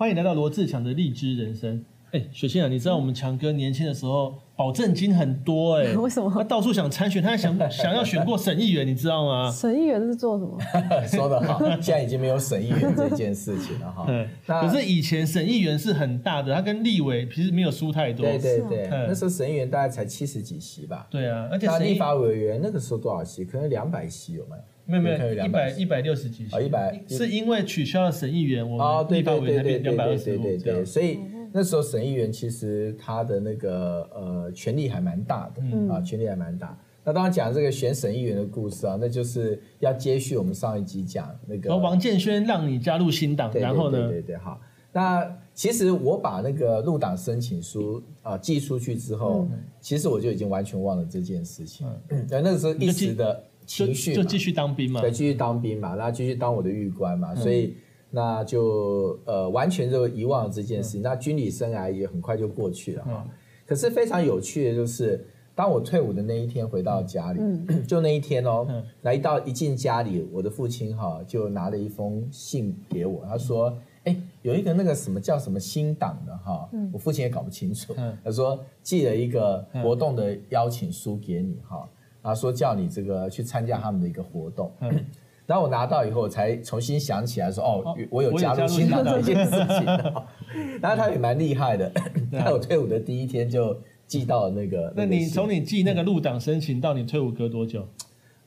歡迎來到羅智強的荔枝人生。哎、欸，雪清啊，你知道我們強哥年輕的時候保證金很多哎、欸？為什麼？他到處想參選，他還想想要選過省議員， 你知道嗎？省議員是做什麼？ 說得好，現在已經沒有省議員這件事情了哈。嗯、那可是以前省議員是很大的，他跟立委其實沒有輸太多。對對對，啊嗯、那時候省議員大概才七十幾席吧。對啊，而且議立法委員那個時候多少席？可能兩百席有嗎？沒有沒有一百一百六十幾啊，一百、oh, 100, 1, 是因為取消了省議員，我們立法院那邊兩百二十多對對對，對對對，所以那時候省議員其實他的那個呃權力還蠻大的，嗯、啊權力還蠻大。那剛剛講這個選省議員的故事啊，那就是要接續我們上一集講那個。哦、王建煊讓你加入新黨，然後呢？對對，對對對，好。那其實我把那個入黨申請書啊寄出去之後，嗯、其實我就已經完全忘了這件事情。嗯啊、那那個時候一直的。情緒就繼續當兵嘛，對，繼續當兵嘛，那繼續當我的預官嘛，所以那就呃，完全就遺忘了這件事情。那軍旅生涯也很快就過去了哈。可是非常有趣的，就是當我退伍的那一天回到家裡，就那一天哦，嗯，來到一進家裡，我的父親哈就拿了一封信給我，他說，哎，有一個那個什麼叫什麼新黨的哈，我父親也搞不清楚，他說寄了一個活動的邀請書給你哈。啊，說叫你這個去參加他們的一個活動，然後、嗯、我拿到以後我才重新想起來說，哦，哦我有加入新黨這件事情。然後、哦、 他也蠻厲害的，在我、嗯、退伍的第一天就寄到那個。嗯、那你從你寄那個入黨申請到你退伍隔多久？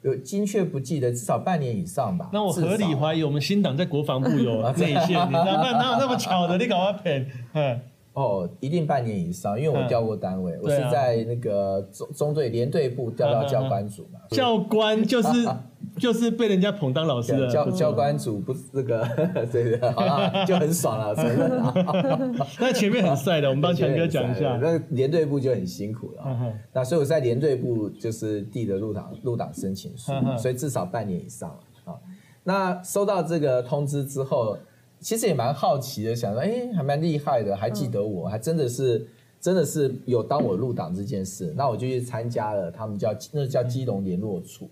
嗯、有精確不記得，至少半年以上吧。那我合理懷疑，我們新黨在國防部有內線，哪哪、啊、有那麼巧的？你給我騙嗯。哦，一定半年以上，因為我調過單位，我是在那個中中隊連隊部調到教官組嘛。教官就是就是被人家捧當老師的。教教官組不是這個，對的，好就很爽了，承認啊。那前面很帥的，我們幫強哥講一下，那連隊部就很辛苦了。那所以我在連隊部就是遞的入黨入黨申請書，所以至少半年以上了啊。那收到這個通知之後。其實也蠻好奇的，想說，哎，還蠻厲害的，還記得我，哦、還真的是，真的是有當我入黨這件事，那我就去參加了，他們叫那叫基隆聯絡處，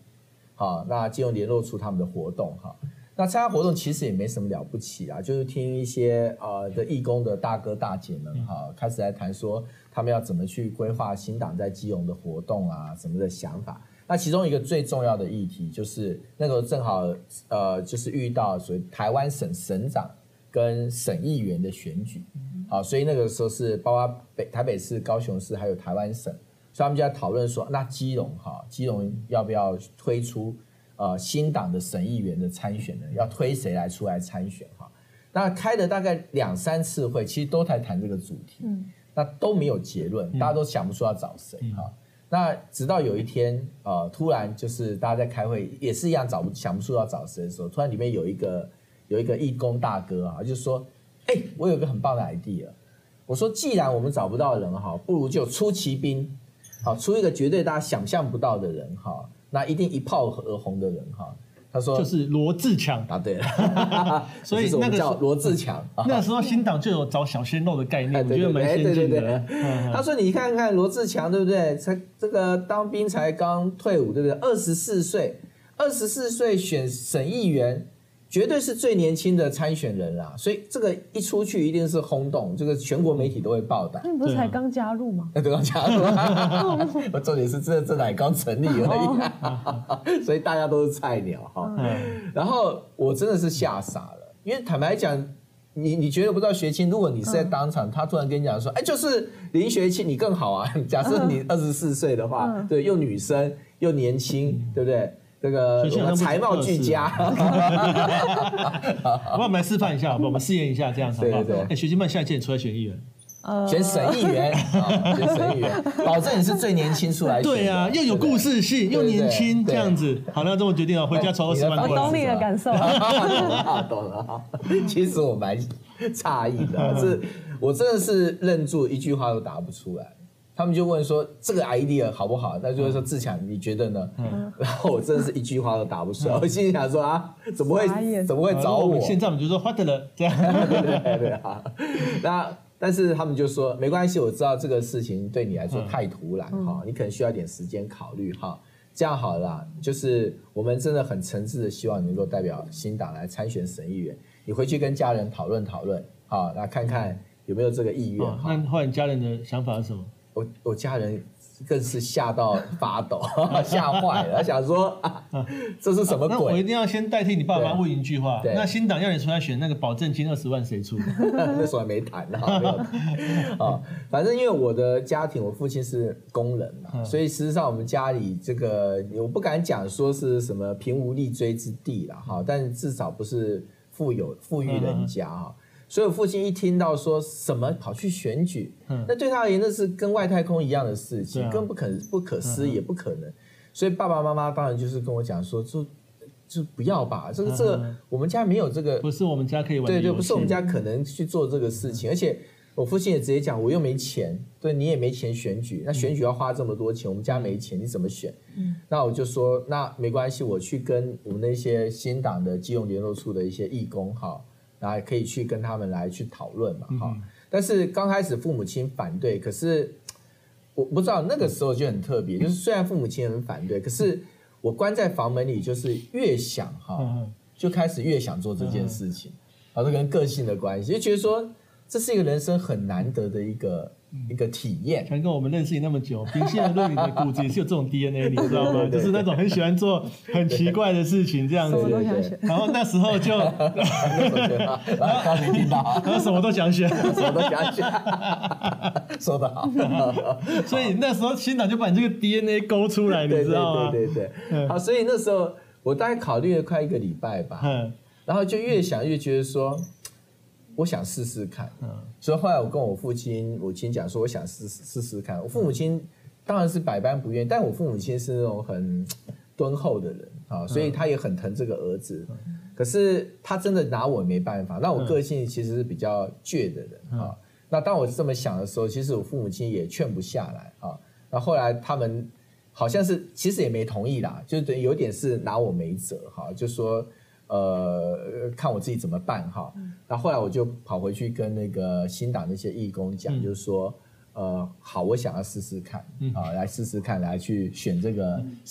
好，那基隆聯絡處他們的活動，哈，那參加活動其實也沒什麼了不起啊，就是聽一些呃的義工的大哥大姐們，哈，開始來談說他們要怎麼去規劃新黨在基隆的活動啊，什麼的想法，那其中一個最重要的議題就是那個正好，呃，就是遇到所謂台灣省省長。跟省議員的選舉，好，所以那個時候是包括北台北市、高雄市，還有台灣省，所以他們就在討論說，那基隆哈，基隆要不要推出呃新黨的省議員的參選呢？要推誰來出來參選哈？那開了大概兩三次會，其實都在談這個主題，那都沒有結論，大家都想不出要找誰哈。那直到有一天，呃，突然就是大家在開會，也是一樣找不想不出要找誰的時候，突然裡面有一個。有一個義工大哥啊，就是、說：“哎、欸，我有一個很棒的 idea。我說，既然我們找不到人哈，不如就出奇兵，好出一個絕對大家想象不到的人哈，那一定一炮而紅的人哈。”他說：“就是羅智強。啊”答對了， 所以那個 我們叫羅智強。那時候新黨就有找小鮮肉的概念，啊、我覺得蠻先進的。他說：“你看看羅智強，對不對？才這個當兵才剛退伍，對不對？二十四歲，二十四歲選省議員。”絕對是最年輕的參選人啦，所以這個一出去一定是轟動，這個全國媒體都會報道。你不是才剛加入嗎？對、啊、剛加入， 我重點是這這才剛成立而已，哦、 所以大家都是菜鳥哈。哦、然後我真的是嚇傻了，因為坦白講，你你絕對不知道學青。如果你是在當場，他突然跟你講說：“哎，就是林學青，你更好啊。”假設你二十四歲的話，對，又女生又年輕，嗯、對不對？這個才貌俱佳，我們來示範一下好不好， 我們試驗一下這樣子好好？對對、對、欸、學哎，徐下一屆在出來選議員，選省議員， 哦、選省議員，保證你是最年輕出來的。對啊，又有故事性，又年輕，這樣子。好，那這麼決定了回家十萬抽我懂你的感受。 懂了。其實我蠻詫異的， 是我真的是愣住，一句話都答不出來。他們就問說：“這個 idea 好不好？”那就是說自、嗯、強，你覺得呢？嗯、然後我真的是一句話都答不上，嗯、我心裡想說：“啊，怎麼會眼怎麼會找我？”啊、我現在我們就說發的了。對啊。那但是他們就說：“沒關係，我知道這個事情對你來說太突然，哈、嗯哦，你可能需要一點時間考慮，哈、哦。這樣好了，就是我們真的很誠摯的希望你能夠代表新黨來參選省議員，你回去跟家人討論討論，好、哦，那看看有沒有這個意願。嗯哦、那後家人的想法是什麼？我家人更是嚇到發抖，嚇壞了，想說、啊啊、這是什麼鬼？啊、我一定要先代替你爸媽問一句話。對，對那新黨要你出來選那個保證金二十萬誰出？ 那時候還沒談呢。啊，反正因為我的家庭，我父親是工人嘛，嗯、所以事實上我們家裡這個，我不敢講說是什麼貧無立錐之地了哈，但至少不是富有富裕人家哈。嗯啊所以我父親一聽到說什麼跑去選舉，嗯、那對他而言那是跟外太空一樣的事情，啊、更不可不可思議，嗯、哼也不可能。所以爸爸媽媽當然就是跟我講說，就就不要吧，這個這、嗯、哼我們家沒有這個，不是我們家可以玩的對對，不是我們家可能去做這個事情。嗯、而且我父親也直接講，我又沒錢，對你也沒錢選舉，那選舉要花這麼多錢，嗯、我們家沒錢，你怎麼選？嗯、那我就說，那沒關係，我去跟我們那些新黨的基隆聯絡處的一些義工，好。然後可以去跟他們來去討論嘛，哈、嗯哼。但是剛開始父母親反對，可是我不知道那個時候就很特別，就是雖然父母親很反對，可是我關在房門裡，就是越想哈，嗯、哼就開始越想做這件事情，啊、嗯哼，這跟個性的關係，就覺得說這是一個人生很難得的一個。一個體驗，可能跟我們認識你那麼久，平現你的路里的估計是有這種 DNA，你知道嗎？ 就是那種很喜歡做很奇怪的事情這樣子 對對對，然後那時候就 對對對，然後吧 後， 後什麼都想學， 什麼都想學， 說得好， 所以那時候新黨就把你這個 DNA 勾出來，你知道嗎？ 對對對、對、 嗯、好，所以那時候我大概考慮了快一個禮拜吧， 然後就越想越覺得說。我想試試看，所以後來我跟我父親、母親講說，我想試試試看。我父母親當然是百般不願意，但我父母親是那種很敦厚的人啊，所以他也很疼這個兒子。可是他真的拿我沒辦法。那我個性其實是比較倔的人啊。那當我是這麼想的時候，其實我父母親也勸不下來啊。那後來他們好像是其實也沒同意啦，就等於有點是拿我沒轍哈，就說。呃，看我自己怎麼辦哈。那後來我就跑回去跟那個新黨那些義工講，就是說，呃，好，我想要試試看，好，來試試看，來去選這個。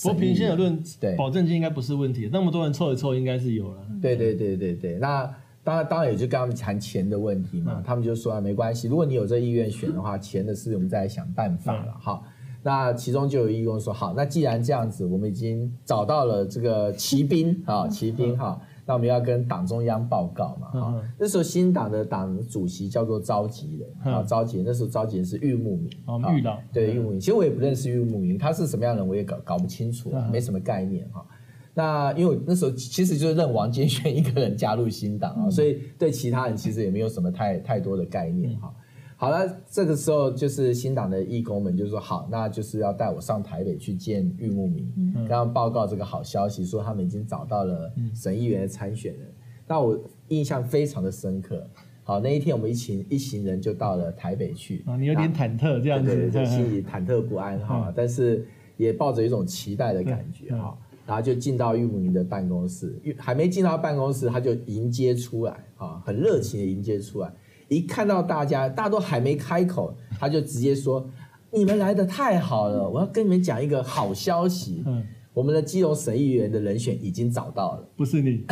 我平心而論，對保證金應該不是問題，那麼多人湊一湊，應該是有了。對對對對對。那當然當然也就跟他們談錢的問題嘛。他們就說啊，沒關係，如果你有這意願選的話，錢的事我們再來想辦法了哈。那其中就有義工說，好，那既然這樣子，我們已經找到了這個騎兵啊，騎兵哈。那我們要跟黨中央報告嘛？哈、嗯哼，那時候新黨的黨主席叫做召集人，啊、嗯，召集人那時候召集人是鬱慕明。哦、玉黨的對,對鬱慕明其實我也不認識鬱慕明他是什麼樣的人，我也搞搞不清楚，嗯、哼沒什麼概念哈。那因為那時候其實就是認王建煊一個人加入新黨啊，嗯、所以對其他人其實也沒有什麼太太多的概念哈。嗯嗯好了，這個時候就是新黨的義工們就說：“好，那就是要帶我上台北去見郁慕明，然後、嗯嗯、報告這個好消息，說他們已經找到了省議員的參選人。嗯”那我印象非常的深刻。好，那一天我們一行一行人就到了台北去。嗯、後啊，你有點忐忑，這樣子、啊、對，對，對，就心裡忐忑不安哈，嗯哦、但是也抱着一種期待的感覺哈對、哦。然後就進到郁慕明的辦公室，還沒進到辦公室，他就迎接出來啊、哦，很熱情的迎接出來。一看到大家，大家都還沒開口，他就直接說：“你們來得太好了，我要跟你們講一個好消息。嗯，我們的基隆省議員的人選已經找到了，不是你，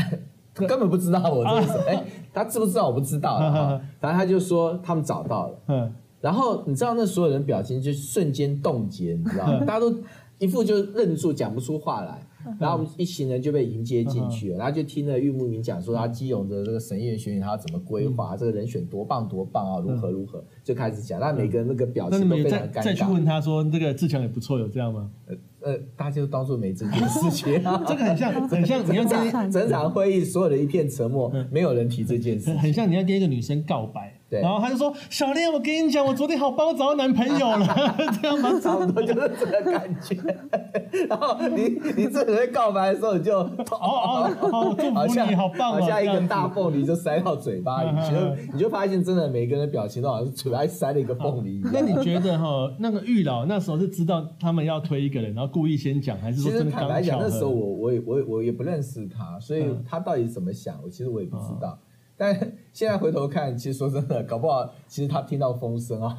根本不知道我是誰、啊哎，他知不知道我不知道、啊。然後、嗯嗯嗯嗯、他就說他們找到了，嗯，然後你知道那所有人表情就瞬間凍結，你知道嗎？嗯、大家都一副就愣住，講不出話來。”嗯、然後我們一行人就被迎接進去了，啊、好然後就聽了玉木敏講說他基隆的這個市議員選舉他要怎麼規劃，嗯、這個人選多棒多棒啊，嗯、如何如何，就開始講。那、嗯、每個人那個表情都非常尷尬。再去問他說這、那個志強也不錯，有這樣嗎？呃呃，大、呃、家就當作沒這件事情。 這個很像，很像， 你要在整整場，整場會議所有的一片沉默，嗯、沒有人提這件事很，很像你要跟一個女生告白。對然後他就說：“小練，我跟你講，我昨天好棒，我找到男朋友了， 這樣嘛，差不多就是這個感覺。 ”然後你你這回告白的時候，你就哦哦哦，oh, oh, oh, 好像好棒，好像一個大鳳梨就塞到嘴巴裡， 你就你就發現真的每個人的表情都好像嘴巴塞了一個鳳梨。那你覺得哈，那個玉老那時候是知道他們要推一個人，然後故意先講，還是說真的剛巧？那時候我我也我我也不認識他，所以他到底怎麼想，我其實我也不知道。但現在回頭看，其實說真的，搞不好其實他聽到風聲啊，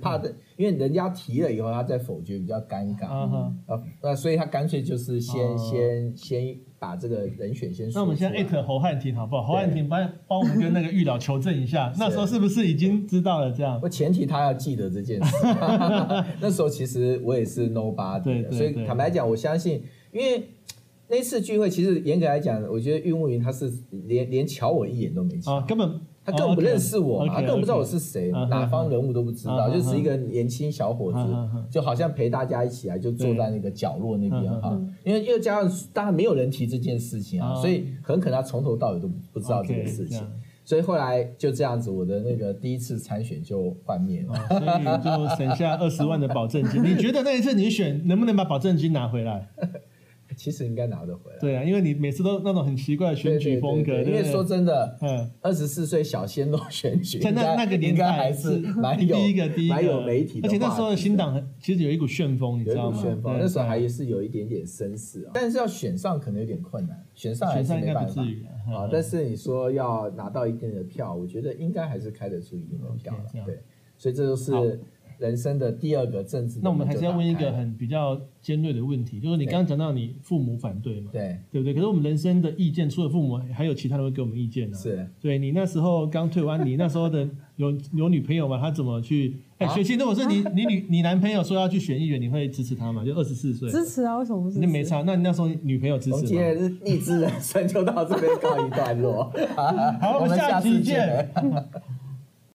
怕的，因為人家提了以後，他再否決比較尷尬啊哈、嗯，那所以他乾脆就是先、哦、先先把這個人選先說。那我們先艾特侯漢廷好不好？對侯漢廷幫幫我們跟那個預老求證一下，是那時候是不是已經知道了這樣？我前提他要記得這件事。 那時候其實我也是 nobody 的，所以坦白講，我相信，因為。那次聚會，其實嚴格來講，我覺得郁慕雲他是連連瞧我一眼都沒瞧，根本他更不認識我，他更不知道我是誰，哪方人物都不知道，就是一個年輕小伙子，就好像陪大家一起來就坐在那個角落那邊哈。因為又加上大家沒有人提這件事情啊，所以很可能他從頭到尾都不知道這個事情，所以後來就這樣子，我的那個第一次參選就幻滅了，所以就省下二十萬的保證金。你覺得那一次你選能不能把保證金拿回來？其實應該拿得回來。對啊，因為你每次都那種很奇怪的選舉風格。因為說真的，嗯，二十四歲小鮮肉選舉，在那那個年代還是蠻有、第一個、第一個蠻有媒體，而且那時候的新黨其實有一股旋風，你知道嗎？旋風那時候還是有一點點聲勢。啊。但是要選上可能有點困難，選上還是沒辦法啊。但是你說要拿到一定的票，我覺得應該還是開得出一定的票了。對，所以這就是。人生的第二個政治，那我們還是要問一個很比較尖銳的問題，就是你剛剛講到你父母反對嘛，對對不對？可是我們人生的意見除了父母，還有其他人會給我們意見呢、啊。是，對你那時候剛退完，你那時候的有 有女朋友嘛？她怎麼去？哎、欸，雪清、啊，如果是你，你女你,你男朋友說要去選議員，你會支持他嗎？就二十四歲，支持啊，為什麼不？那沒差？那你那時候女朋友支持？我們今天是勵志人生， 就到這邊告一段落。 好，我們下次見。